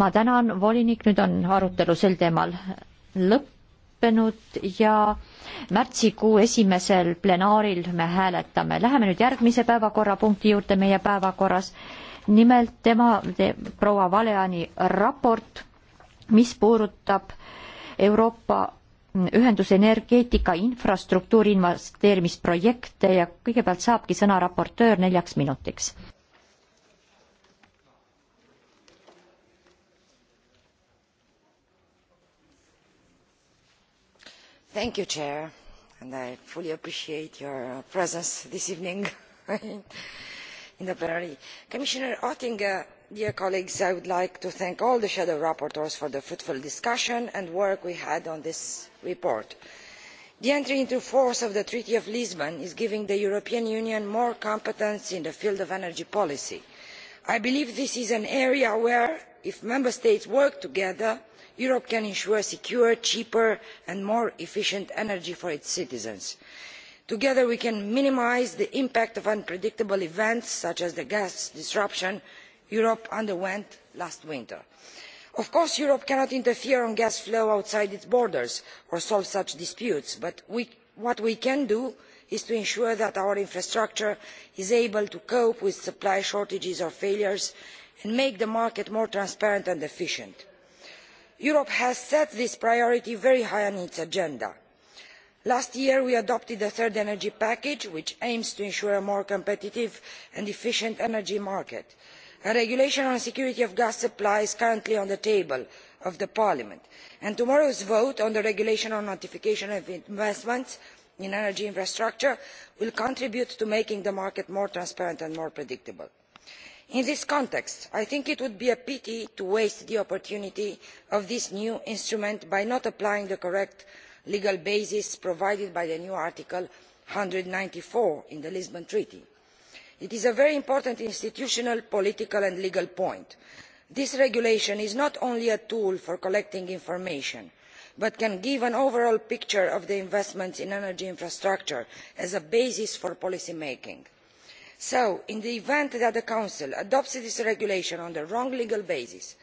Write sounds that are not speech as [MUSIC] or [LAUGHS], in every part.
ma tänan, volinik, nüüd on arutelu sel teemal lõppenud ja märtsikuu esimesel plenaaril me hääletame. Läheme nüüd järgmise päevakorrapunkti juurde meie päevakorras. nimelt tema te,, proua Valeani raport, mis puudutab Euroopa ühenduse energeetika infrastruktuuri investeerimisprojekte ja kõigepealt saabki sõna raportöör neljaks minutiks Thank you, Chair, and I fully appreciate your presence this evening [LAUGHS] in the plenary. Commissioner Oettinger, dear colleagues, I would like to thank all the shadow rapporteurs for the fruitful discussion and work we had on this report. The entry into force of the Treaty of Lisbon is giving the European Union more competence in the field of energy policy. I believe this is an area where, if member states work together, europe can ensure secure cheaper and more efficient energy for its citizens. together we can minimise the impact of unpredictable events such as the gas disruption europe underwent last winter. of course europe cannot interfere on gas flow outside its borders or solve such disputes but we, what we can do is to ensure that our infrastructure is able to cope with supply shortages or failures and make the market more transparent and efficient europe has set this priority very high on its agenda. last year we adopted the third energy package which aims to ensure a more competitive and efficient energy market. a regulation on security of gas supply is currently on the table of the parliament and tomorrow's vote on the regulation on notification of investments in energy infrastructure will contribute to making the market more transparent and more predictable in this context i think it would be a pity to waste the opportunity of this new instrument by not applying the correct legal basis provided by the new article one hundred and ninety four in the lisbon treaty. it is a very important institutional political and legal point. this regulation is not only a tool for collecting information but can give an overall picture of the investments in energy infrastructure as a basis for policy making so in the event that the council adopts this regulation on the wrong legal basis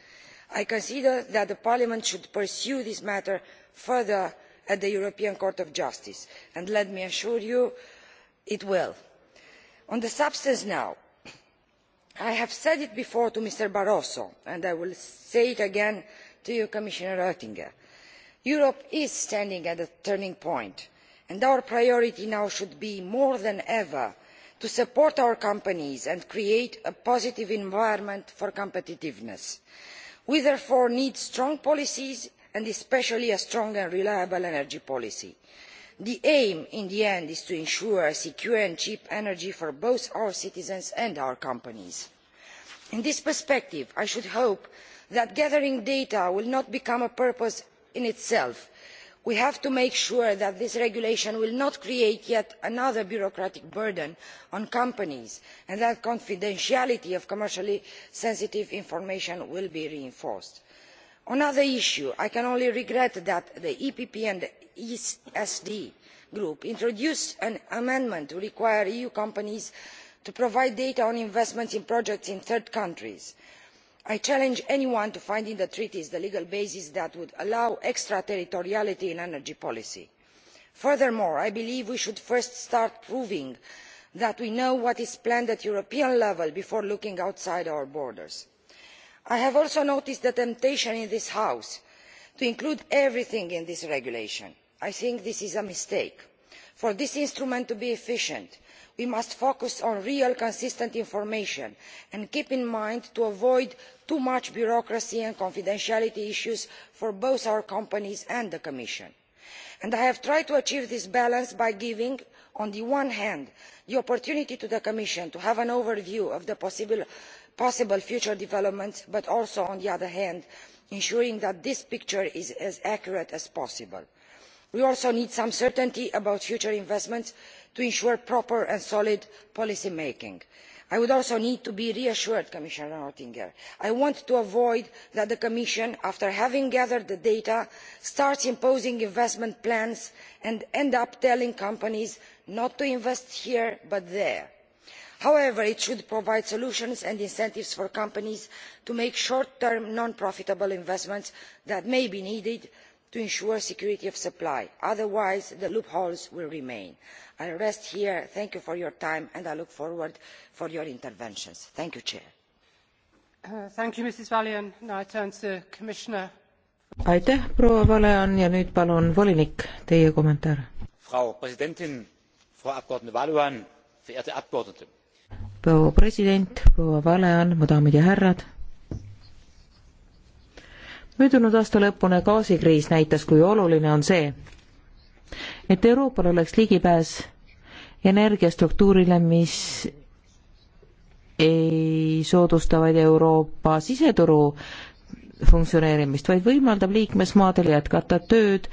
i consider that parliament should pursue this matter further at the european court of justice and let me assure you it will. on the substance now i have said it before to mr barroso and i will say it again to you commissioner oettinger europe is standing at a turning point and our priority now should be more than ever to support our companies and create a positive environment for competitiveness. we therefore need strong policies and especially a strong and reliable energy policy. the aim in the end is to ensure secure and cheap energy for both our citizens and our companies. in this perspective i should hope that gathering data will not become a purpose in itself we have to make sure that this regulation will not create yet another bureaucratic burden on companies and that confidentiality of commercially sensitive information will be reinforced. on another issue i can only regret that the epp and e sd group introduced an amendment to require eu companies to provide data on investments in projects in third countries i challenge anyone to find in the treaties the legal basis that would allow extraterritoriality in energy policy. furthermore i believe we should first start proving that we know what is planned at european level before looking outside our borders. i have also noticed the temptation in this house to include everything in this regulation. i think this is a mistake. for this instrument to be efficient we must focus on real consistent information and keep in mind to avoid too much bureaucracy and confidentiality issues for both our companies and the commission. And i have tried to achieve this balance by giving on the one hand the opportunity to the commission to have an overview of the possible, possible future developments but also on the other hand ensuring that this picture is as accurate as possible. we also need some certainty about future investments to ensure proper and solid policy making. i would also need to be reassured commissioner oettinger. i want to avoid the commission after having gathered the data starting imposing investment plans and ending up telling companies not to invest here but there. however it should provide solutions and incentives for companies to make short term non profitable investments that may be needed to ensure security of supply otherwise the loopholes will remain. i rest here thank you for your time and i look forward to your interventions. thank you chair. Uh, thank you mrs vlean. now i turn to the commissioner. aitäh proua vlean ja nüüd palun volinik teie kommentaar. frau präsidentin frau abgeordnete vlean verehrte abgeordnete! proua president proua vlean mu daamid ja härrad! möödunud aasta lõpune gaasikriis näitas, kui oluline on see, et Euroopal oleks ligipääs energiastruktuurile, mis ei soodusta vaid Euroopa siseturu funktsioneerimist, vaid võimaldab liikmesmaadel jätkata tööd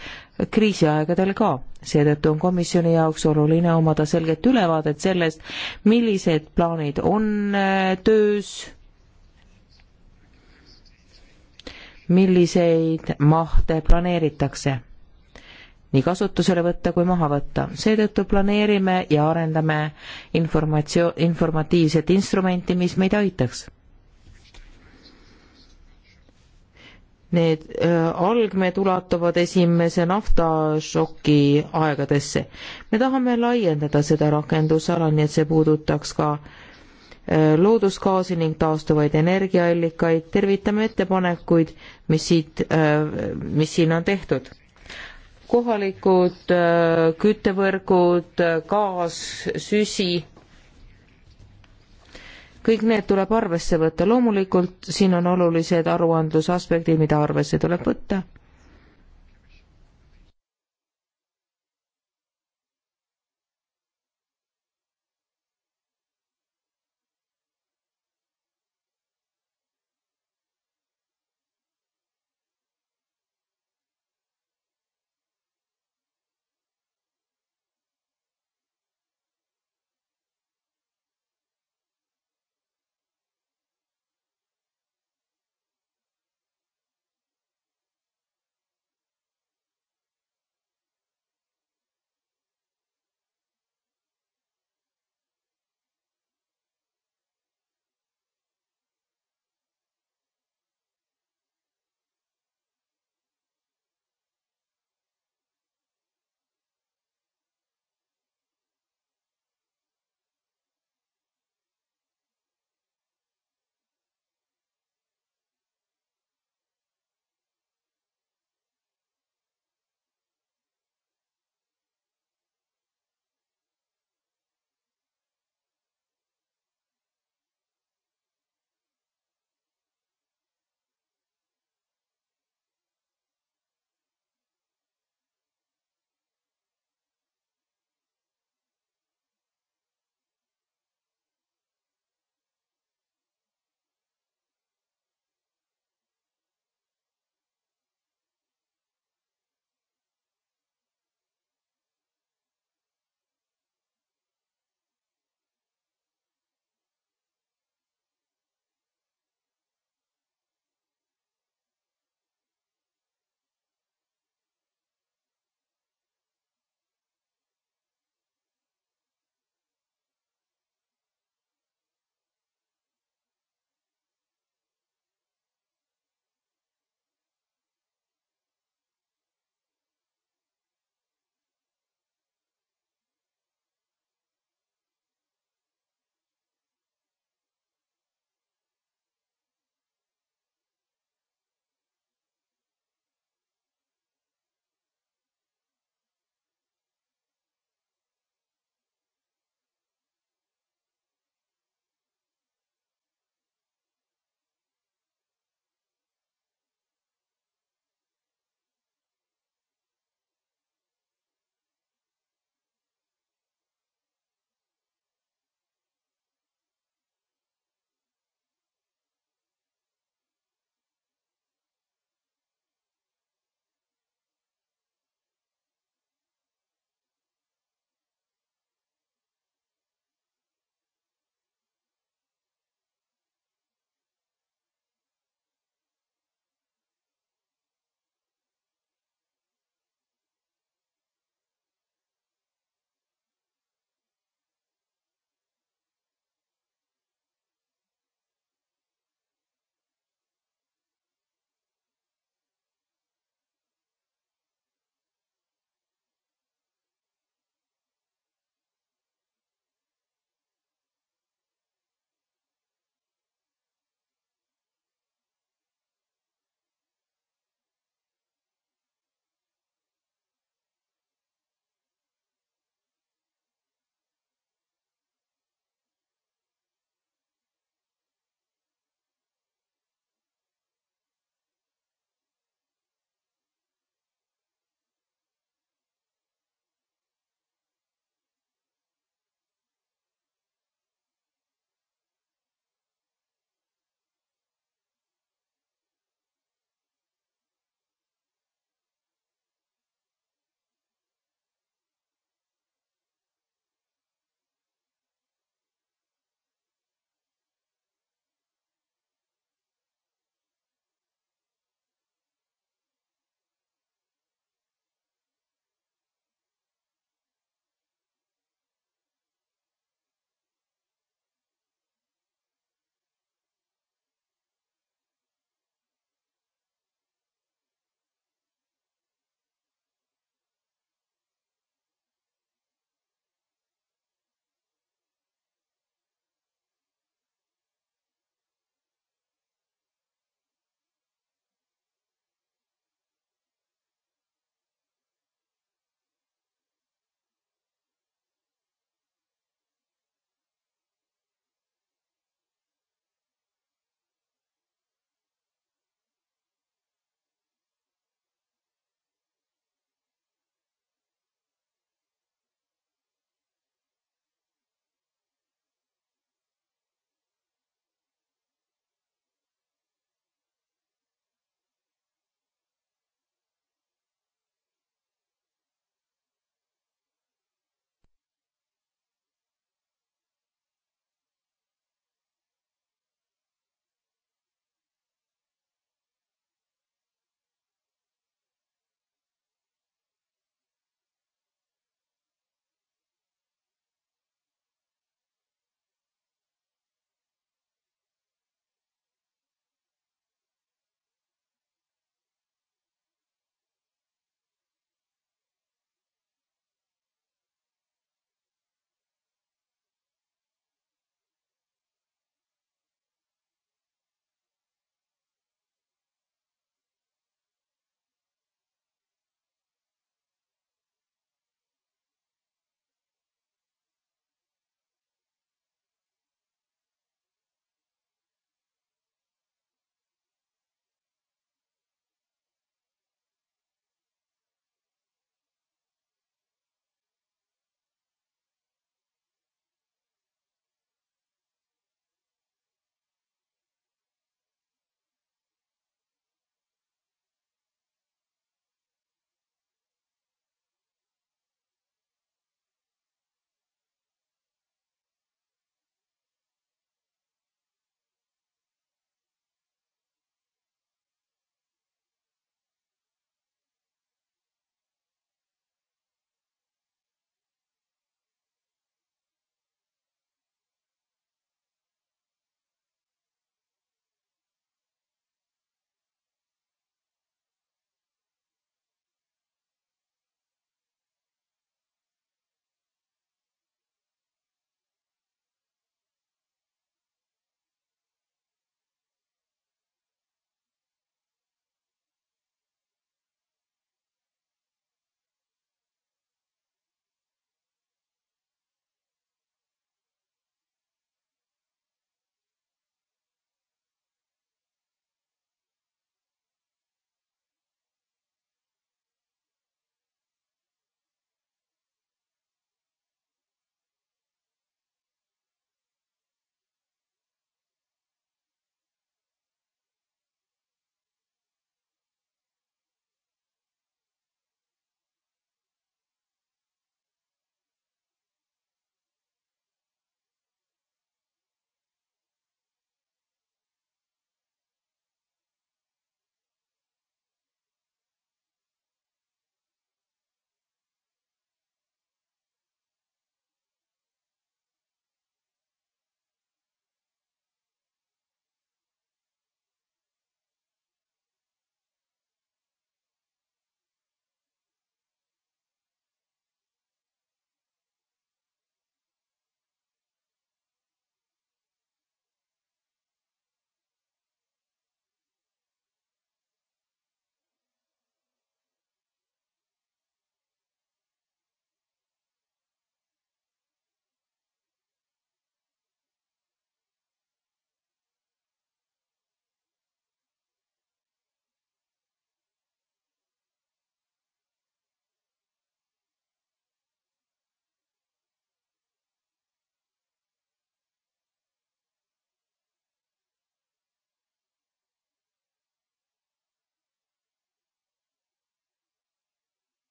kriisiaegadel ka. seetõttu on komisjoni jaoks oluline omada selget ülevaadet sellest, millised plaanid on äh, töös milliseid mahte planeeritakse nii kasutusele võtta kui maha võtta. seetõttu planeerime ja arendame informatsioon, informatiivset instrumenti, mis meid aitaks. Need äh, algmed ulatuvad esimese naftašoki aegadesse. me tahame laiendada seda rakendusala, nii et see puudutaks ka äh, Äh, loodusgaasi ning taastuvaid energiaallikaid, tervitame ettepanekuid, mis siit, äh, mis siin on tehtud. kohalikud äh, küttevõrgud, gaas, süsi, kõik need tuleb arvesse võtta, loomulikult siin on olulised aruandlusaspektid, mida arvesse tuleb võtta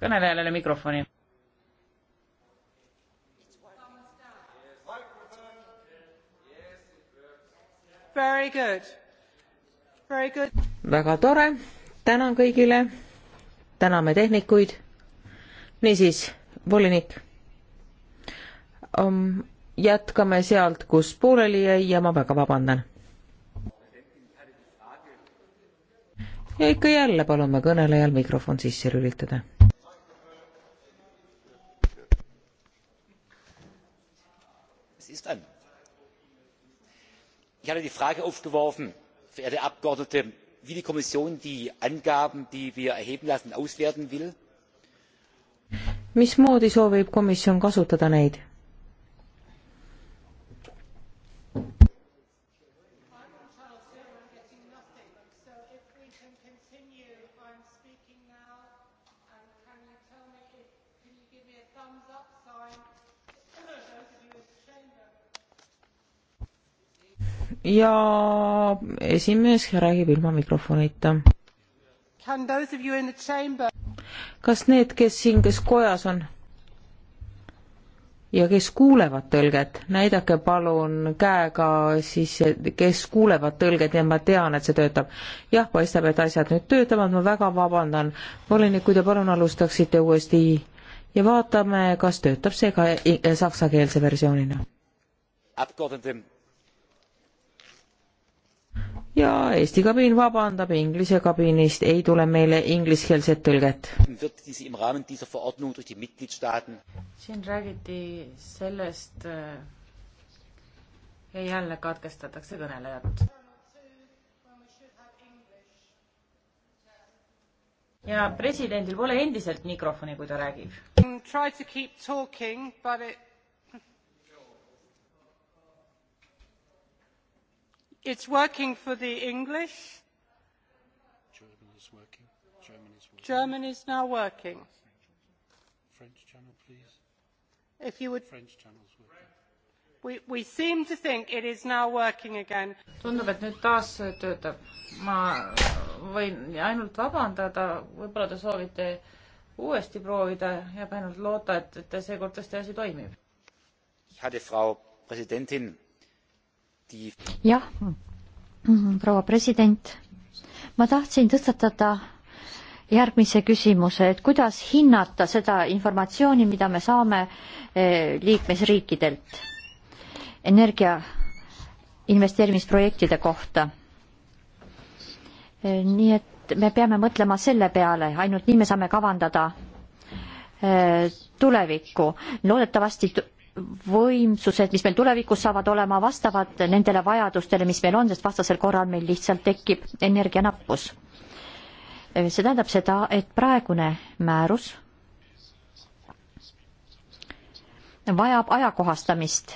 kõnelejale mikrofoni. Very good. Very good. väga tore, tänan kõigile, täname tehnikuid. niisiis, volinik um,. jätkame sealt, kus pooleli jäi ja ma väga vabandan. ja ikka jälle palume kõnelejal mikrofon sisse lülitada ist an. ich hatte die frage aufgeworfen verehrte abgeordnete wie die kommission die angaben die wir erheben lassen auswerten will. mismoodi soovib komisjon kasutada neid? ja esimees räägib ilma mikrofonita. kas need, kes siin, kes kojas on ja kes kuulevad tõlget, näidake palun käega siis, kes kuulevad tõlget ja ma tean, et see töötab. jah, paistab, et asjad nüüd töötavad, ma väga vabandan. volinik, kui te palun alustaksite uuesti ja vaatame, kas töötab see ka saksakeelse versioonina. Abgeordnete ja Eesti kabiin vabandab, Inglise kabiinist ei tule meile ingliskeelset tõlget. siin räägiti sellest ja äh, jälle katkestatakse kõnelejat. ja presidendil pole endiselt mikrofoni, kui ta räägib. Try to keep talking but it It's working for the English. German is working. German is, working. German is now working. French channel, please. If you would. French channel's working. We, we seem to think it is now working again. tundub, et nüüd taas töötab. ma võin ainult vabandada, võib-olla te soovite uuesti proovida, jääb ainult loota, et, et seekord tõesti asi toimib. Ich hatte Frau Präsidentin jah, mhm, proua president, ma tahtsin tõstatada järgmise küsimuse, et kuidas hinnata seda informatsiooni, mida me saame eh, liikmesriikidelt energia investeerimisprojektide kohta. Eh, nii et me peame mõtlema selle peale, ainult nii me saame kavandada eh, tulevikku. loodetavasti võimsused, mis meil tulevikus saavad olema, vastavad nendele vajadustele, mis meil on, sest vastasel korral meil lihtsalt tekib energianappus. see tähendab seda, et praegune määrus vajab ajakohastamist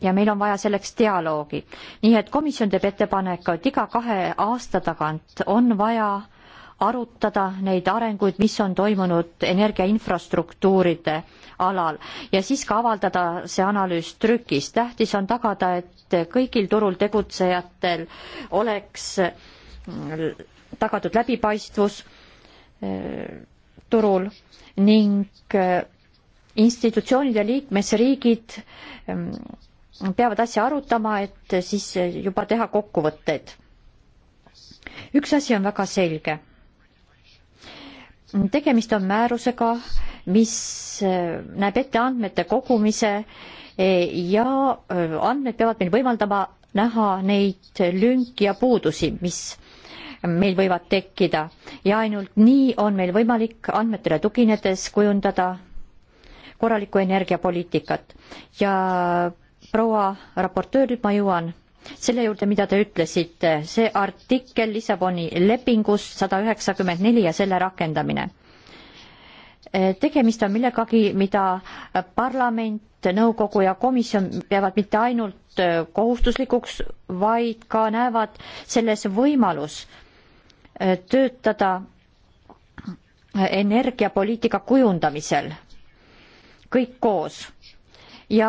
ja meil on vaja selleks dialoogi. nii et komisjon teeb ettepaneku, et iga kahe aasta tagant on vaja arutada neid arenguid, mis on toimunud energiainfrastruktuuride alal ja siis ka avaldada see analüüs trükis. tähtis on tagada, et kõigil turul tegutsejatel oleks mm, tagatud läbipaistvus eh, turul ning eh, institutsioonid ja liikmesriigid mm, peavad asja arutama, et siis juba teha kokkuvõtteid. üks asi on väga selge tegemist on määrusega, mis äh, näeb ette andmete kogumise äh, ja äh, andmed peavad meil võimaldama näha neid lünki ja puudusi, mis meil võivad tekkida ja ainult nii on meil võimalik andmetele tuginedes kujundada korralikku energiapoliitikat. ja proua raportöör, nüüd ma jõuan selle juurde, mida te ütlesite, see artikkel Lissaboni lepingus sada üheksakümmend neli ja selle rakendamine. E, tegemist on millegagi, mida parlament, nõukogu ja komisjon peavad mitte ainult e, kohustuslikuks, vaid ka näevad selles võimalus e, töötada energiapoliitika kujundamisel kõik koos ja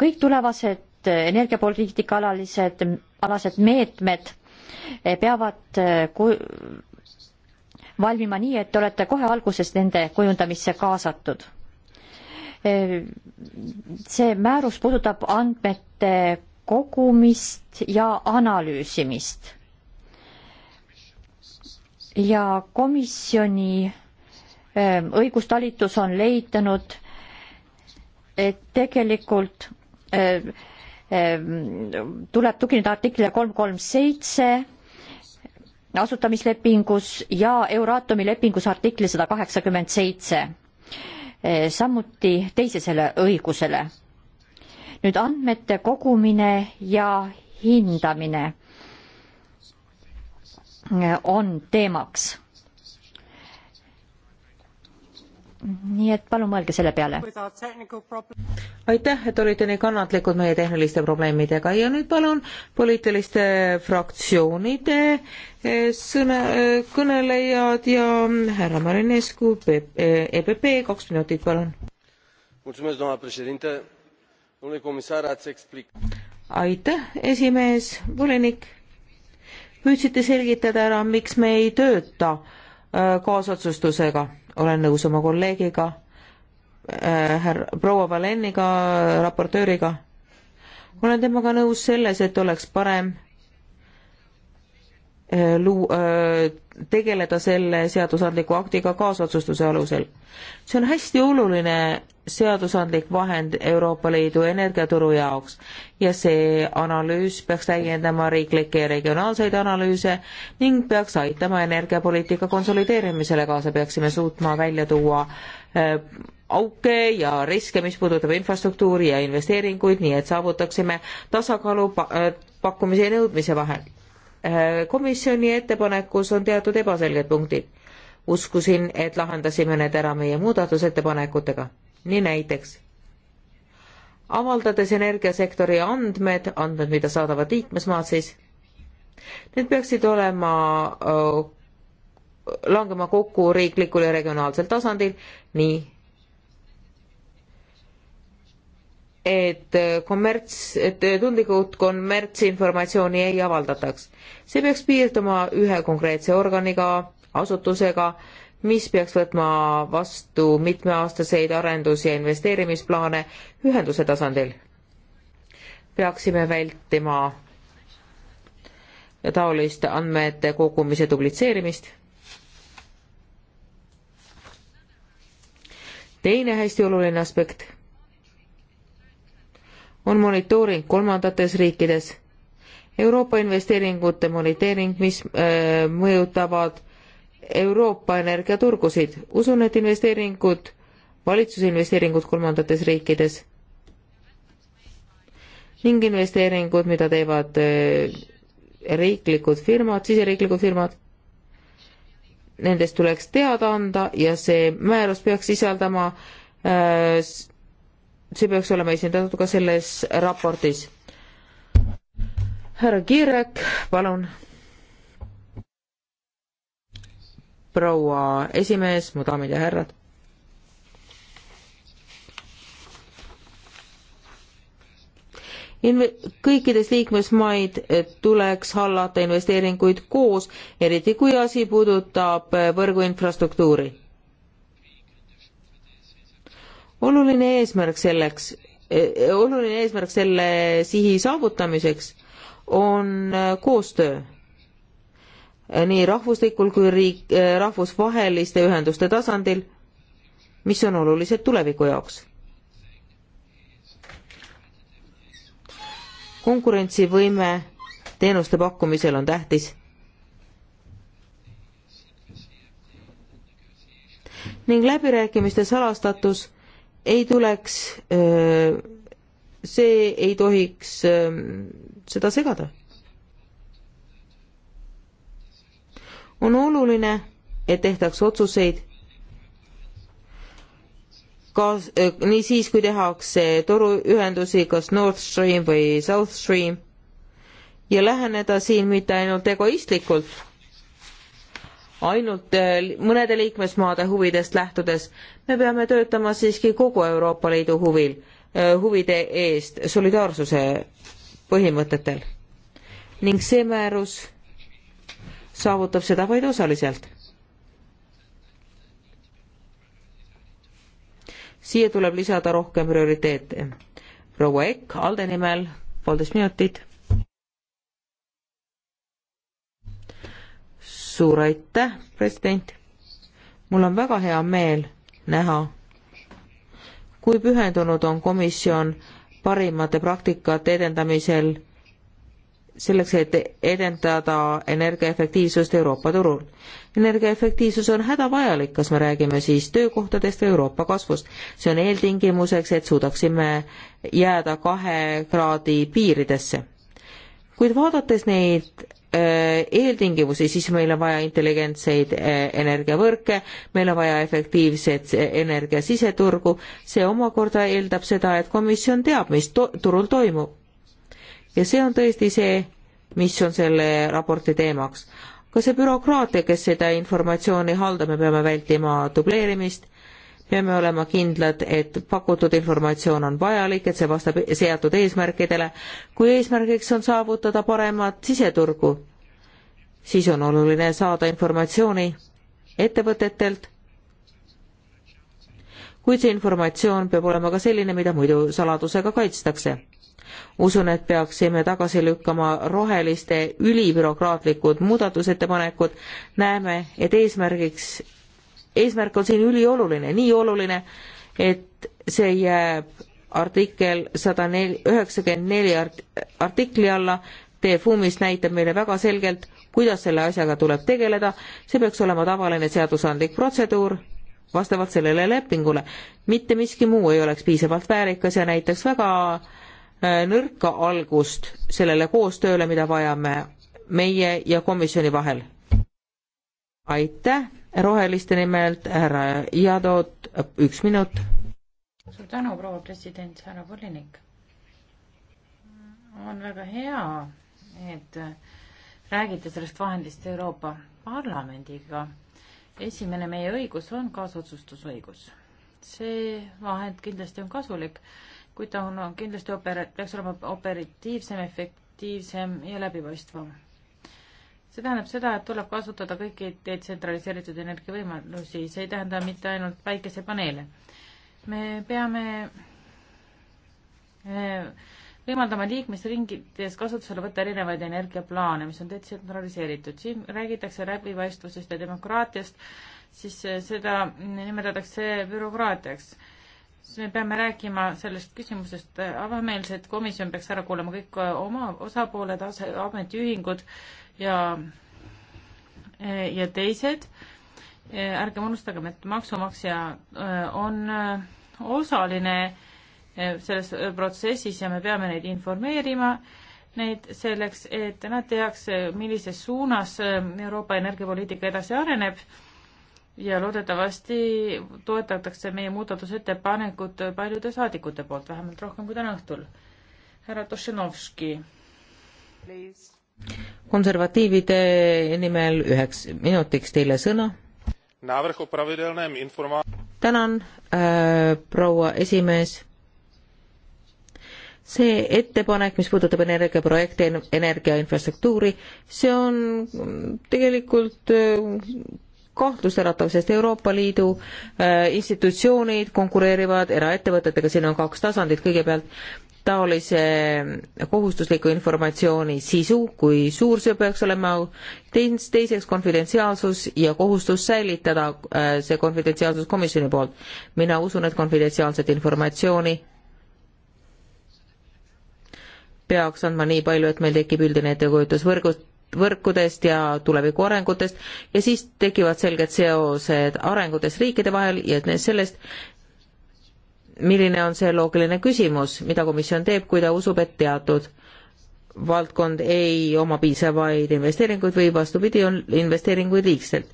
kõik tulevased energiapoliitika alalised, alased meetmed peavad eh, ku-, valmima nii, et te olete kohe alguses nende kujundamisse kaasatud. Eh, see määrus puudutab andmete kogumist ja analüüsimist. ja komisjoni eh, õigustalitus on leidnud, et tegelikult Ehm, tuleb tugineda artiklile kolm kolm seitse asutamislepingus ja Euraatomi lepingus artikli sada kaheksakümmend seitse, eh, samuti teisesele õigusele. nüüd andmete kogumine ja hindamine eh, on teemaks nii et palun mõelge selle peale. aitäh, et olite nii kannatlikud meie tehniliste probleemidega ja nüüd palun poliitiliste fraktsioonide eh, sõna, eh, kõnelejad ja mm, härra Marinescu EPP, eh, e kaks minutit, palun. aitäh, esimees, volinik. püüdsite selgitada ära, miks me ei tööta kaasotsustusega olen nõus oma kolleegiga äh,, härra, proua Valeniga, raportööriga. olen temaga nõus selles, et oleks parem Äh, luu-, äh, tegeleda selle seadusandliku aktiga kaasotsustuse alusel. see on hästi oluline seadusandlik vahend Euroopa Liidu energiaturu jaoks ja see analüüs peaks täiendama riiklikke ja regionaalseid analüüse ning peaks aitama energiapoliitika konsolideerimisele kaasa, peaksime suutma välja tuua äh, auke ja riske, mis puudutab infrastruktuuri ja investeeringuid, nii et saavutaksime tasakaalu pakkumise ja nõudmise vahel Äh, komisjoni ettepanekus on teatud ebaselged punktid. uskusin, et lahendasime need ära meie muudatusettepanekutega. nii näiteks avaldades energiasektori andmed, andmed, mida saadavad liikmesmaad siis, need peaksid olema, äh, langema kokku riiklikul ja regionaalsel tasandil, nii et kommerts, et tundlikud kommertsinformatsiooni ei avaldataks. see peaks piirduma ühe konkreetse organiga, asutusega, mis peaks võtma vastu mitmeaastaseid arendus- ja investeerimisplaane ühenduse tasandil. peaksime vältima taolist andmete kogumise dublitseerimist. teine hästi oluline aspekt on monitooring kolmandates riikides. Euroopa investeeringute monitooring, mis äh, mõjutavad Euroopa energiaturgusid. usun, et investeeringud, valitsuse investeeringud kolmandates riikides ning investeeringud, mida teevad äh, riiklikud firmad, siseriiklikud firmad nendest tuleks teada anda ja see määrus peaks sisaldama äh, see peaks olema esindatud ka selles raportis. härra Kiirek, palun. proua esimees, mu daamid ja härrad. Inve-, kõikides liikmesmaid tuleks hallata investeeringuid koos, eriti kui asi puudutab võrguinfrastruktuuri oluline eesmärk selleks, e, e, oluline eesmärk selle sihi saavutamiseks on e, koostöö nii rahvuslikul kui riik, rahvusvaheliste ühenduste tasandil, mis on olulised tuleviku jaoks. konkurentsivõime teenuste pakkumisel on tähtis. ning läbirääkimiste salastatus ei tuleks, see ei tohiks seda segada. on oluline, et tehtaks otsuseid kas, nii siis, kui tehakse toruühendusi, kas North Stream või South Stream ja läheneda siin mitte ainult egoistlikult ainult eh, mõnede liikmesmaade huvidest lähtudes. me peame töötama siiski kogu Euroopa Liidu huvil, eh, huvide eest, solidaarsuse põhimõtetel. ning see määrus saavutab seda vaid osaliselt. siia tuleb lisada rohkem prioriteete. proua Ekk, ALDE nimel poolteist minutit suur aitäh, president. mul on väga hea meel näha, kui pühendunud on komisjon parimate praktikate edendamisel selleks, et edendada energiaefektiivsust Euroopa turul. energiaefektiivsus on hädavajalik, kas me räägime siis töökohtadest või Euroopa kasvust. see on eeltingimuseks, et suudaksime jääda kahe kraadi piiridesse. kuid vaadates neid Äh, eeltingimusi, siis meil on vaja intelligentseid äh, energiavõrke, meil on vaja efektiivset äh, energiasiseturgu, see omakorda eeldab seda, et komisjon teab, mis to turul toimub. ja see on tõesti see, mis on selle raporti teemaks. ka see bürokraatia, kes seda informatsiooni haldab, me peame vältima dubleerimist peame olema kindlad, et pakutud informatsioon on vajalik, et see vastab seatud eesmärkidele. kui eesmärgiks on saavutada paremat siseturgu, siis on oluline saada informatsiooni ettevõtetelt, kuid see informatsioon peab olema ka selline, mida muidu saladusega kaitstakse. usun, et peaksime tagasi lükkama roheliste ülibürokraatlikud muudatusettepanekud, näeme, et eesmärgiks eesmärk on siin ülioluline, nii oluline, et see jääb artikkel sada nel-, üheksakümmend neli art-, artikli alla, TFUM-is näitab meile väga selgelt, kuidas selle asjaga tuleb tegeleda, see peaks olema tavaline seadusandlik protseduur, vastavalt sellele lepingule. mitte miski muu ei oleks piisavalt väärikas ja näitaks väga äh, nõrka algust sellele koostööle, mida vajame meie ja komisjoni vahel aitäh, roheliste nimelt härra Jadot, üks minut. suur tänu, proua president, härra volinik. on väga hea, et räägite sellest vahendist Euroopa Parlamendiga. esimene meie õigus on kaasotsustusõigus. see vahend kindlasti on kasulik, kuid ta on, on kindlasti oper-, peaks olema operatiivsem, efektiivsem ja läbipaistvam see tähendab seda, et tuleb kasutada kõiki detsentraliseeritud energiavõimalusi, see ei tähenda mitte ainult päikesepaneele. me peame eh, võimaldama liikmesringides kasutusele võtta erinevaid energiaplaane, mis on detsentraliseeritud. siin räägitakse läbipaistvusest ja demokraatiast, siis eh, seda nimetatakse bürokraatiaks. siis me peame rääkima sellest küsimusest avameelselt, komisjon peaks ära kuulama kõik eh, oma osapooled, ametiühingud, ja, ja teised. E, ärgem unustagem, et maksumaksja e, on e, osaline selles protsessis ja me peame neid informeerima, neid selleks, et nad teaks, millises suunas Euroopa energiapoliitika edasi areneb ja loodetavasti toetatakse meie muudatusettepanekut paljude saadikute poolt, vähemalt rohkem kui täna õhtul. härra Tošenovski. Please konservatiivide nimel üheks minutiks teile sõna. tänan äh,, proua esimees. see ettepanek, mis puudutab energiaprojekte, energiainfrastruktuuri, see on tegelikult äh, kahtlusteratav, sest Euroopa Liidu äh, institutsioonid konkureerivad eraettevõtetega, siin on kaks tasandit, kõigepealt taolise kohustusliku informatsiooni sisu, kui suur see peaks olema, teis-, teiseks konfidentsiaalsus ja kohustus säilitada äh, see konfidentsiaalsus komisjoni poolt. mina usun, et konfidentsiaalset informatsiooni peaks andma nii palju, et meil tekib üldine ettekujutus võrgust, võrkudest ja tuleviku arengutest ja siis tekivad selged seosed arengutes riikide vahel ja sellest, milline on see loogiline küsimus, mida komisjon teeb, kui ta usub, et teatud valdkond ei oma piisavaid investeeringuid või vastupidi, on investeeringuid liigselt.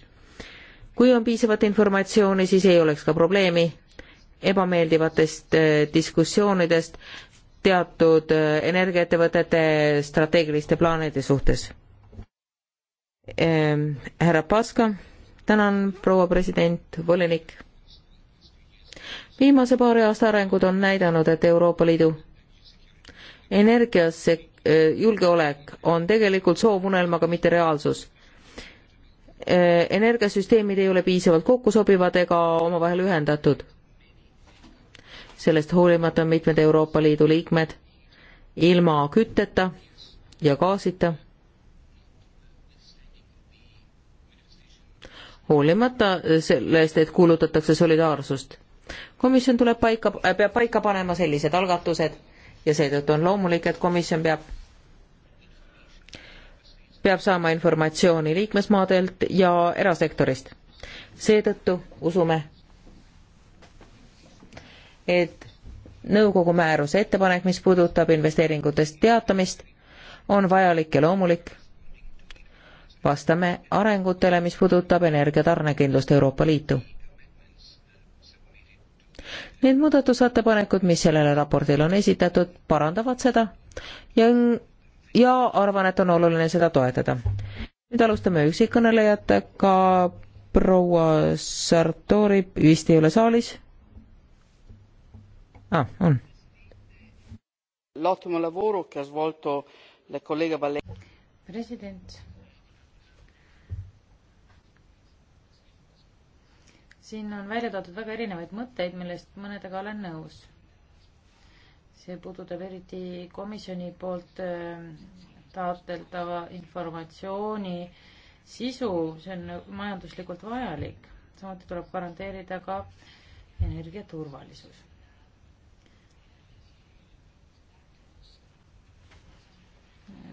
kui on piisavat informatsiooni, siis ei oleks ka probleemi ebameeldivatest äh, diskussioonidest teatud äh, energiaettevõtete strateegiliste plaanide suhtes. Ähm, härra Paska, tänan, proua president, volinik viimase paari aasta arengud on näidanud, et Euroopa Liidu energiasse eh, julgeolek on tegelikult soovunelmaga, mitte reaalsus. Eh, energiasüsteemid ei ole piisavalt kokkusobivad ega omavahel ühendatud. sellest hoolimata on mitmed Euroopa Liidu liikmed ilma kütteta ja gaasita. hoolimata sellest, et kuulutatakse solidaarsust komisjon tuleb paika, peab paika panema sellised algatused ja seetõttu on loomulik, et komisjon peab, peab saama informatsiooni liikmesmaadelt ja erasektorist. seetõttu usume, et nõukogu määruse ettepanek, mis puudutab investeeringutest teatamist, on vajalik ja loomulik. vastame arengutele, mis puudutab energiatarnekindlust Euroopa Liitu Need muudatusettepanekud, mis sellele raportile on esitatud, parandavad seda ja, ja arvan, et on oluline seda toetada. nüüd alustame üksikkõnelejatega, proua Sartori vist ei ole saalis. aa, ah, on. president siin on välja toodud väga erinevaid mõtteid, millest mõnedega olen nõus. see puudutab eriti komisjoni poolt äh, taotletava informatsiooni sisu, see on majanduslikult vajalik, samuti tuleb garanteerida ka energiaturvalisus.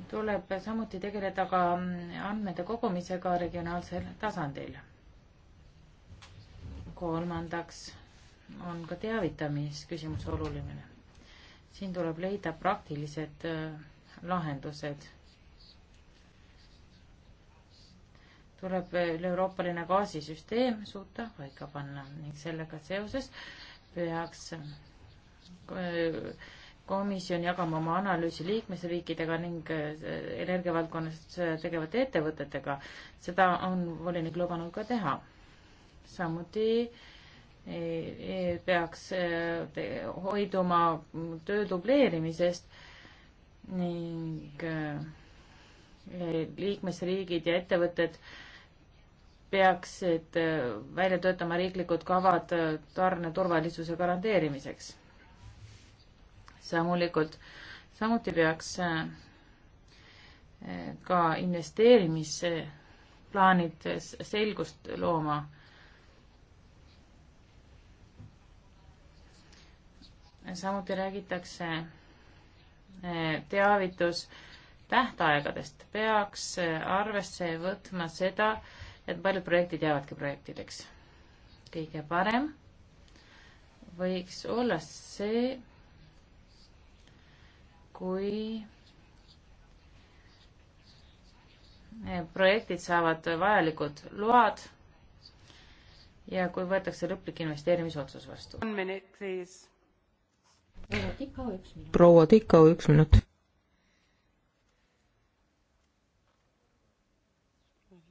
tuleb samuti tegeleda ka andmete kogumisega regionaalsel tasandil kolmandaks on ka teavitamisküsimus oluline. siin tuleb leida praktilised äh, lahendused. tuleb äh, üle-euroopaline gaasisüsteem suuta paika panna ning sellega seoses peaks äh, komisjon jagama oma analüüsi liikmesriikidega ning energiavaldkonnas tegevate ettevõtetega. seda on volinik lubanud ka teha samuti eh, eh, peaks eh, hoiduma töö dubleerimisest ning liikmesriigid ja ettevõtted peaksid välja töötama riiklikud kavad tarne turvalisuse garanteerimiseks. samulikult, samuti peaks ka investeerimisplaanid selgust looma samuti räägitakse eh, teavitus tähtaegadest. peaks eh, arvesse võtma seda, et paljud projektid jäävadki projektideks. kõige parem võiks olla see, kui eh, projektid saavad vajalikud load ja kui võetakse lõplik investeerimisotsus vastu. One minute please proua Tikau, üks minut. Uh,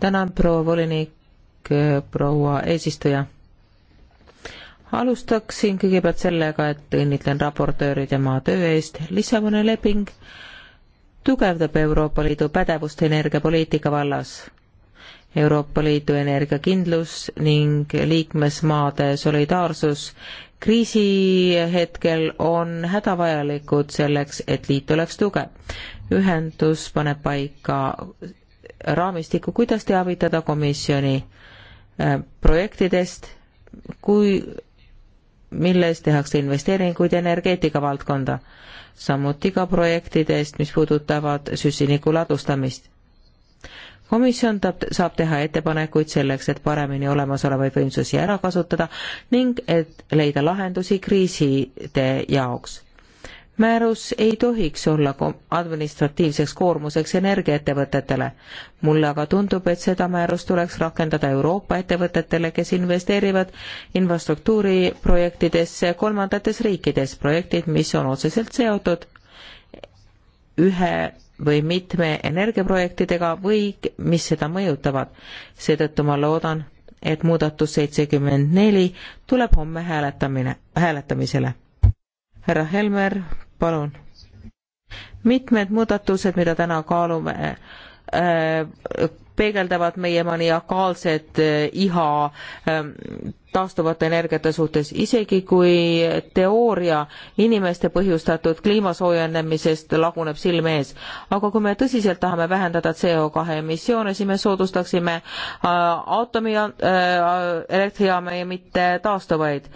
tänan, proua volinik, äh, proua eesistuja. alustaksin kõigepealt sellega, et õnnitlen raportööri tema töö eest. Lissaboni leping tugevdab Euroopa Liidu pädevust energiapoliitika vallas Euroopa Liidu energiakindlus ning liikmesmaade solidaarsus kriisi hetkel on hädavajalikud selleks, et liit oleks tugev. ühendus paneb paika raamistiku, kuidas teavitada komisjoni äh, projektidest, kui, milles tehakse investeeringuid energeetika valdkonda, samuti ka projektidest, mis puudutavad süsiniku ladustamist komisjon saab teha ettepanekuid selleks, et paremini olemasolevaid võimsusi ära kasutada ning et leida lahendusi kriiside jaoks. määrus ei tohiks olla administratiivseks koormuseks energiaettevõtetele. mulle aga tundub, et seda määrust tuleks rakendada Euroopa ettevõtetele, kes investeerivad infrastruktuuriprojektidesse kolmandates riikides, projektid, mis on otseselt seotud ühe või mitme energiaprojektidega või mis seda mõjutavad. seetõttu ma loodan, et muudatus seitsekümmend neli tuleb homme hääletamine, hääletamisele. härra Helmer, palun. mitmed muudatused, mida täna kaalume äh,, peegeldavad meie maniakaalset eh, iha ehm, taastuvate energiate suhtes, isegi kui teooria inimeste põhjustatud kliima soojenemisest laguneb silme ees. aga kui me tõsiselt tahame vähendada CO2 emissioone, siis me soodustaksime äh, aatomi äh, elektrijaama ja mitte taastuvaid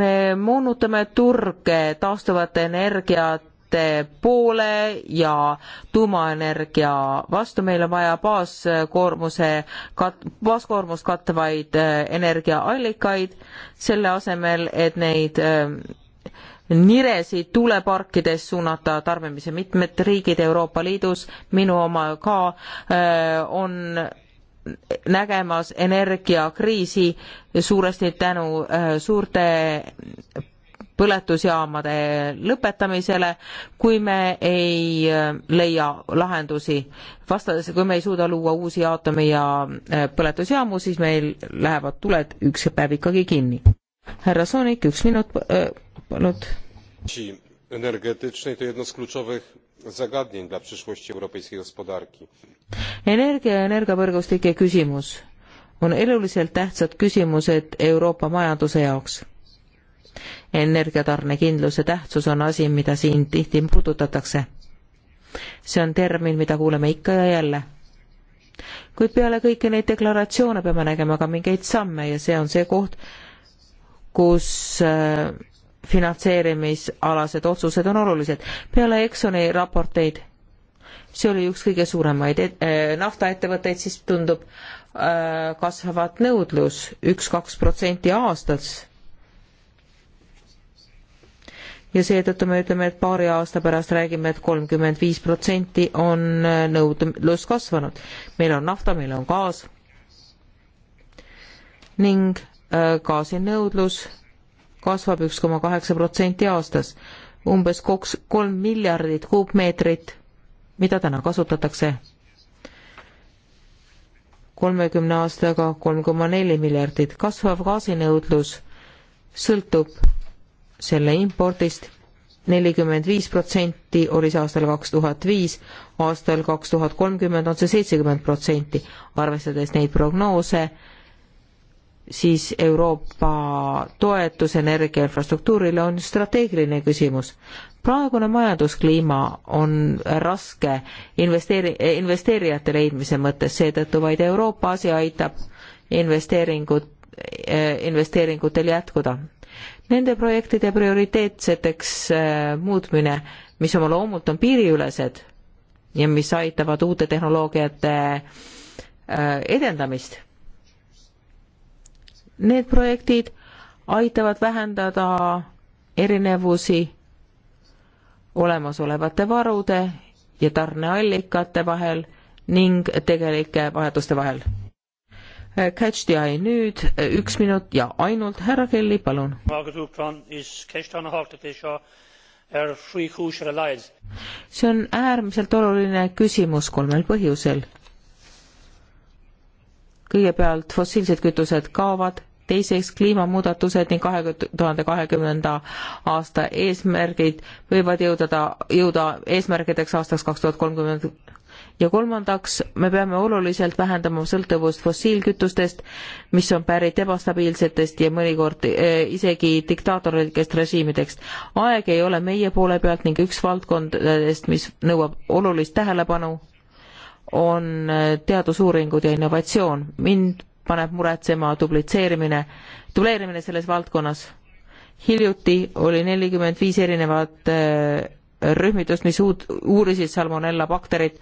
me moonutame turge taastuvate energiat valikute poole ja tuumaenergia vastu. meil on vaja baaskoormuse kat-, baaskoormust katvaid äh, energiaallikaid, selle asemel, et neid äh, niresid tuuleparkides suunata tarbimise. mitmed riigid Euroopa Liidus, minu oma ka, äh, on nägemas energiakriisi suuresti tänu suurte põletusjaamade lõpetamisele, kui me ei äh, leia lahendusi. vastades, kui me ei suuda luua uusi aatomi ja äh, põletusjaamu, siis meil lähevad tuled üks päev ikkagi kinni. härra Soonik, üks minut äh,, palun. energetycznej to jedno z kluczowych zagadnień dla przyszłości europejskiej gospodarki. energia ja energiavõrgustike küsimus on eluliselt tähtsad küsimused Euroopa majanduse jaoks energiatarnekindluse tähtsus on asi, mida siin tihti puudutatakse. see on termin, mida kuuleme ikka ja jälle. kuid peale kõiki neid deklaratsioone peame nägema ka mingeid samme ja see on see koht, kus äh, finantseerimisalased otsused on olulised. peale Exxoni raporteid, see oli üks kõige suuremaid et, äh, naftaettevõtteid, siis tundub, äh, kasvavat nõudlus üks kaks protsenti aastas ja seetõttu me ütleme, et paari aasta pärast räägime et, et kolmkümmend viis protsenti on äh, nõudlus kasvanud. meil on nafta, meil on gaas ning äh, gaasinõudlus kasvab üks koma kaheksa protsenti aastas, umbes koks, kolm miljardit kuupmeetrit, mida täna kasutatakse. kolmekümne aastaga kolm koma neli miljardit, kasvav gaasinõudlus sõltub selle impordist, nelikümmend viis protsenti oli see aastal kaks tuhat viis, aastal kaks tuhat kolmkümmend on see seitsekümmend protsenti. arvestades neid prognoose, siis Euroopa toetus energiainfrastruktuurile on strateegiline küsimus. praegune majanduskliima on raske investeeri-, investeerijate leidmise mõttes, seetõttu vaid Euroopa asi aitab investeeringut, investeeringutel jätkuda nende projektide prioriteetseteks äh, muutmine, mis oma loomult on piiriülesed ja mis aitavad uute tehnoloogiate äh, edendamist. Need projektid aitavad vähendada erinevusi olemasolevate varude ja tarneallikate vahel ning tegelike vajaduste vahel Eh, catch the Eye nüüd, eh, üks minut ja ainult härra Kelly, palun. see on äärmiselt oluline küsimus kolmel põhjusel. kõigepealt fossiilsed kütused kaovad, teiseks kliimamuudatused ning kahe tuhande kahekümnenda aasta eesmärgid võivad jõuda, jõuda eesmärgideks aastaks kaks tuhat kolmkümmend ja kolmandaks, me peame oluliselt vähendama sõltuvust fossiilkütustest, mis on pärit ebastabiilsetest ja mõnikord eh, isegi diktaatorlikest režiimidest. aeg ei ole meie poole pealt ning üks valdkondadest, mis nõuab olulist tähelepanu, on eh, teadusuuringud ja innovatsioon. mind paneb muretsema dublitseerimine, dubleerimine selles valdkonnas. hiljuti oli nelikümmend viis erinevat eh, rühmitust, mis uud, uurisid salmonella bakterit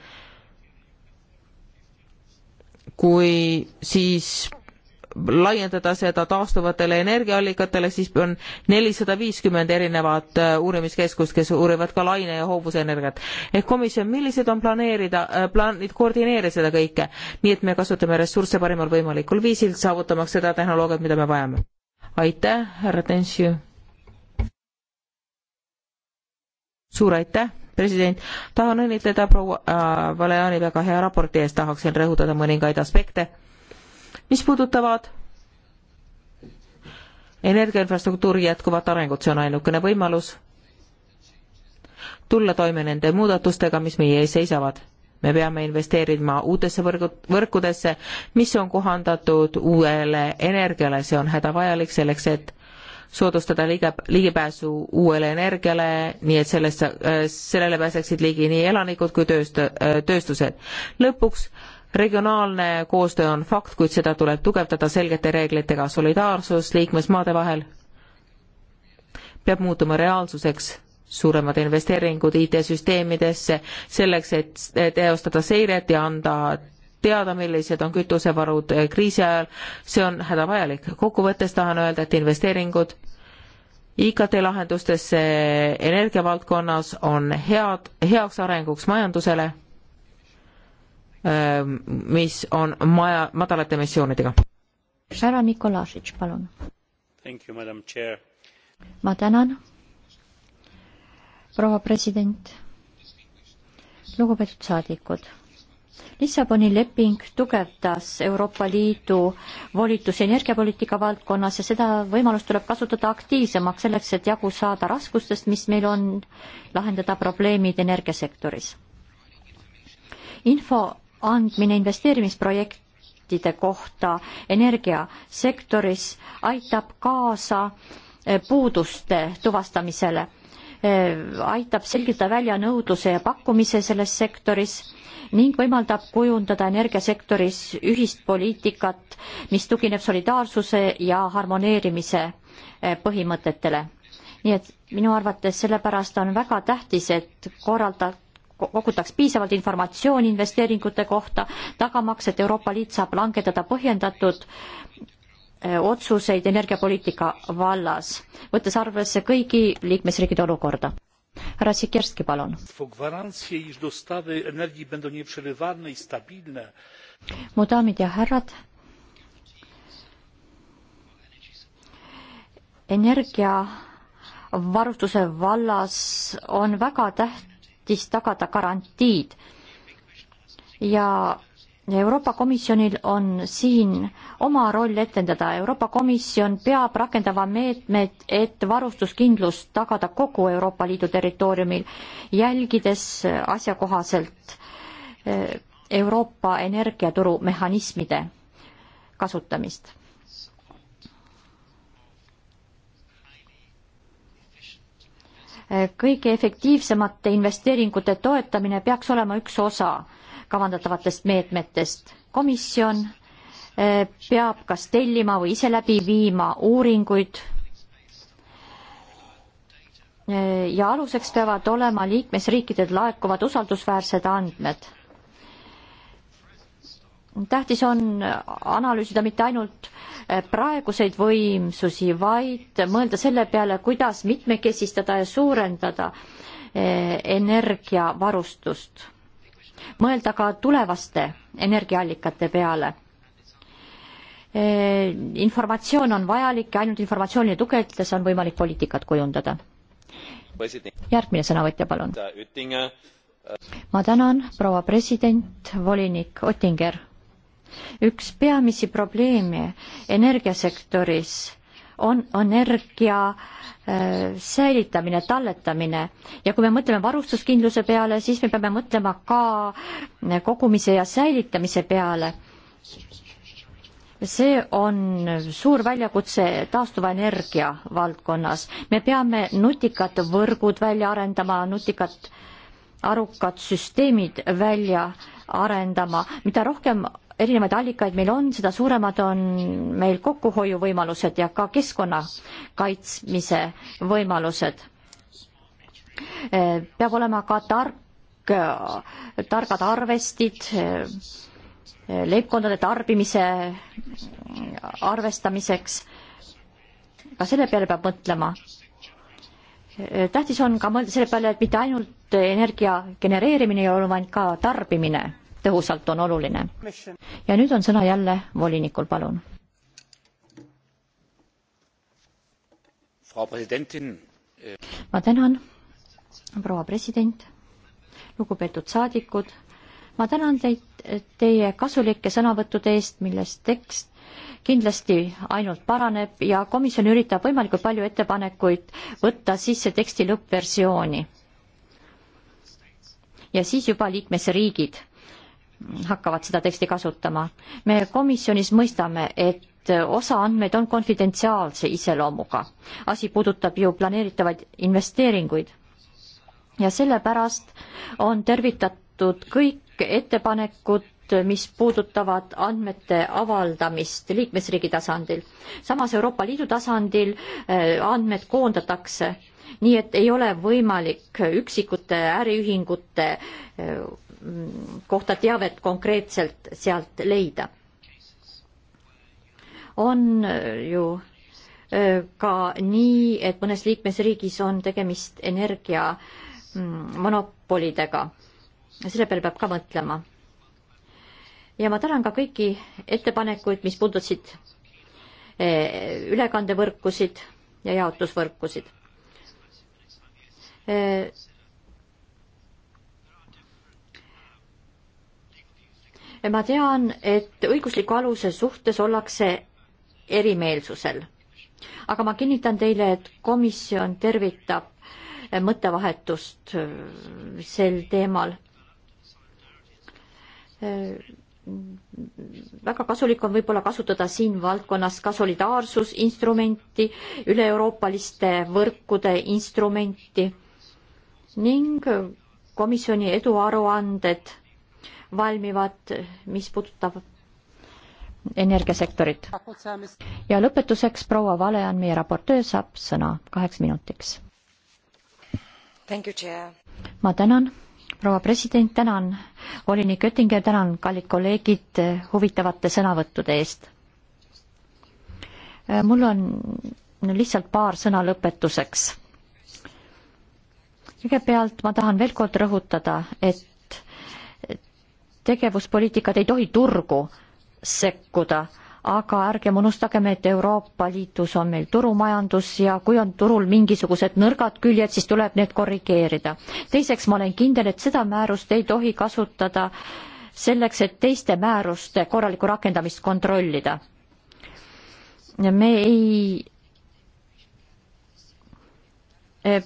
kui siis laiendada seda taastuvatele energiaallikatele, siis on nelisada viiskümmend erinevat äh, uurimiskeskust, kes uurivad ka laine- ja hoovusenergiat. ehk komisjon, millised on planeerida, äh, plaanid koordineerida seda kõike, nii et me kasutame ressursse parimal võimalikul viisil, saavutamaks seda tehnoloogiat, mida me vajame. aitäh, härra Tensju. suur aitäh president, tahan õnnitleda proua äh, Valejani väga hea raporti eest, tahaksin rõhutada mõningaid aspekte, mis puudutavad energiainfrastruktuuri jätkuvat arengut, see on ainukene võimalus tulla toime nende muudatustega, mis meie ees seisavad me peame investeerima uutesse võrgud, võrkudesse, mis on kohandatud uuele energiale, see on hädavajalik selleks, et soodustada liige, ligipääsu uuele energiale, nii et sellesse, äh, sellele pääseksid ligi nii elanikud kui tööst-, äh, tööstused. lõpuks, regionaalne koostöö on fakt, kuid seda tuleb tugevdada selgete reeglitega, solidaarsus liikmesmaade vahel peab muutuma reaalsuseks suuremad investeeringud IT-süsteemidesse selleks, et teostada seiret ja anda teada, millised on kütusevarud eh, kriisi ajal, see on hädavajalik. kokkuvõttes tahan öelda, et investeeringud IKT lahendustesse energiavaldkonnas on head, heaks arenguks majandusele, ehm, mis on maja, madalate emissioonidega. Šara Mikolašič, palun. ma tänan, proua president, lugupeetud saadikud Lissaboni leping tugevdas Euroopa Liidu volitusi energiapoliitika valdkonnas ja seda võimalust tuleb kasutada aktiivsemaks selleks, et jagu saada raskustest, mis meil on lahendada probleemid energiasektoris. info andmine investeerimisprojektide kohta energiasektoris aitab kaasa puuduste tuvastamisele Eh, aitab selgitada välja nõudluse ja pakkumise selles sektoris ning võimaldab kujundada energiasektoris ühist poliitikat, mis tugineb solidaarsuse ja harmoneerimise eh, põhimõtetele. nii et minu arvates sellepärast on väga tähtis, et korraldada kogutaks piisavalt informatsiooni investeeringute kohta, tagamaks, et Euroopa Liit saab langetada põhjendatud Eh, otsuseid energiapoliitika vallas, võttes arvesse kõigi liikmesriikide olukorda. härra Sikerski, palun. mu daamid ja härrad, energiavarustuse vallas on väga tähtis tagada garantiid ja Euroopa Komisjonil on siin oma roll etendada. Euroopa Komisjon peab rakendama meetmed, et varustuskindlus tagada kogu Euroopa Liidu territooriumil, jälgides asjakohaselt eh, Euroopa energiaturu mehhanismide kasutamist. Eh, kõige efektiivsemate investeeringute toetamine peaks olema üks osa kavandatavatest meetmetest. komisjon eh, peab kas tellima või ise läbi viima uuringuid eh, ja aluseks peavad olema liikmesriikidelt laekuvad usaldusväärsed andmed. tähtis on analüüsida mitte ainult eh, praeguseid võimsusi, vaid mõelda selle peale, kuidas mitmekesistada ja suurendada energiavarustust mõelda ka tulevaste energiaallikate peale. E, informatsioon on vajalik ja ainult informatsiooni tugedes on võimalik poliitikat kujundada. järgmine sõnavõtja, palun. ma tänan, proua president, volinik Ottinger. üks peamisi probleeme energiasektoris on energia äh, säilitamine, talletamine ja kui me mõtleme varustuskindluse peale, siis me peame mõtlema ka äh, kogumise ja säilitamise peale. see on suur väljakutse taastuva energia valdkonnas. me peame nutikad võrgud välja arendama, nutikad arukad süsteemid välja arendama, mida rohkem erinevaid allikaid meil on, seda suuremad on meil kokkuhoiuvõimalused ja ka keskkonna kaitsmise võimalused. peab olema ka tark, targad arvestid, leibkondade tarbimise arvestamiseks. ka selle peale peab mõtlema tähtis on ka mõelda selle peale, et mitte ainult energia genereerimine ei ole, vaid ka tarbimine tõhusalt, on oluline. ja nüüd on sõna jälle volinikul, palun. Äh, ma tänan, proua president, lugupeetud saadikud, ma tänan teid äh, teie kasulike sõnavõttude eest, millest tekst kindlasti ainult paraneb ja komisjon üritab võimalikult palju ettepanekuid võtta sisse teksti lõppversiooni. ja siis juba liikmesriigid hakkavad seda teksti kasutama. me komisjonis mõistame, et osa andmeid on konfidentsiaalse iseloomuga. asi puudutab ju planeeritavaid investeeringuid. ja sellepärast on tervitatud kõik ettepanekud, mis puudutavad andmete avaldamist liikmesriigi tasandil. samas Euroopa Liidu tasandil eh, andmed koondatakse, nii et ei ole võimalik üksikute äriühingute eh, kohta teavet konkreetselt sealt leida. on ju ka nii, et mõnes liikmesriigis on tegemist energia mm, monopolidega. selle peale peab ka mõtlema. ja ma tänan ka kõiki ettepanekuid, mis puudutasid ülekandevõrkusid ja jaotusvõrkusid ma tean, et õigusliku aluse suhtes ollakse erimeelsusel. aga ma kinnitan teile, et komisjon tervitab eh, mõttevahetust eh, sel teemal. Eh, väga kasulik on võib-olla kasutada siin valdkonnas ka solidaarsusinstrumenti, üle-euroopaliste võrkude instrumenti ning komisjoni eduaruanded valmivad, mis puudutab energiasektorit. ja lõpetuseks proua Vale on meie raportöör, saab sõna kaheks minutiks. ma tänan, proua president, tänan, volinik Oettinger, tänan, kallid kolleegid, huvitavate sõnavõttude eest. mul on lihtsalt paar sõna lõpetuseks. kõigepealt ma tahan veel kord rõhutada, et tegevuspoliitikad ei tohi turgu sekkuda, aga ärgem unustagem, et Euroopa Liidus on meil turumajandus ja kui on turul mingisugused nõrgad küljed, siis tuleb need korrigeerida. teiseks, ma olen kindel, et seda määrust ei tohi kasutada selleks, et teiste määruste korralikku rakendamist kontrollida. me ei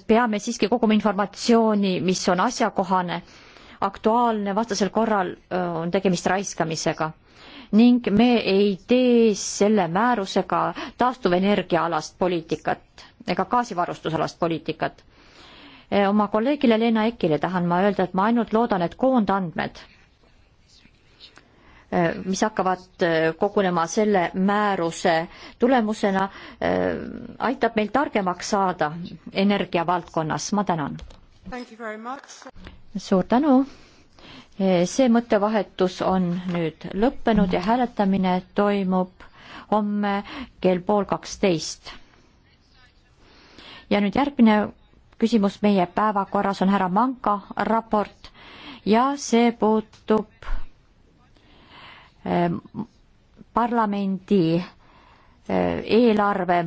peame siiski koguma informatsiooni, mis on asjakohane aktuaalne, vastasel korral on tegemist raiskamisega. ning me ei tee selle määrusega taastuvenergia alast poliitikat ega gaasivarustusalast poliitikat. oma kolleegile Leena Ekile tahan ma öelda, et ma ainult loodan, et koondandmed, mis hakkavad kogunema selle määruse tulemusena, aitab meil targemaks saada energia valdkonnas. ma tänan suur tänu. E, see mõttevahetus on nüüd lõppenud ja hääletamine toimub homme kell pool kaksteist. ja nüüd järgmine küsimus meie päevakorras on härra Manka raport ja see puutub e, parlamendi e, eelarve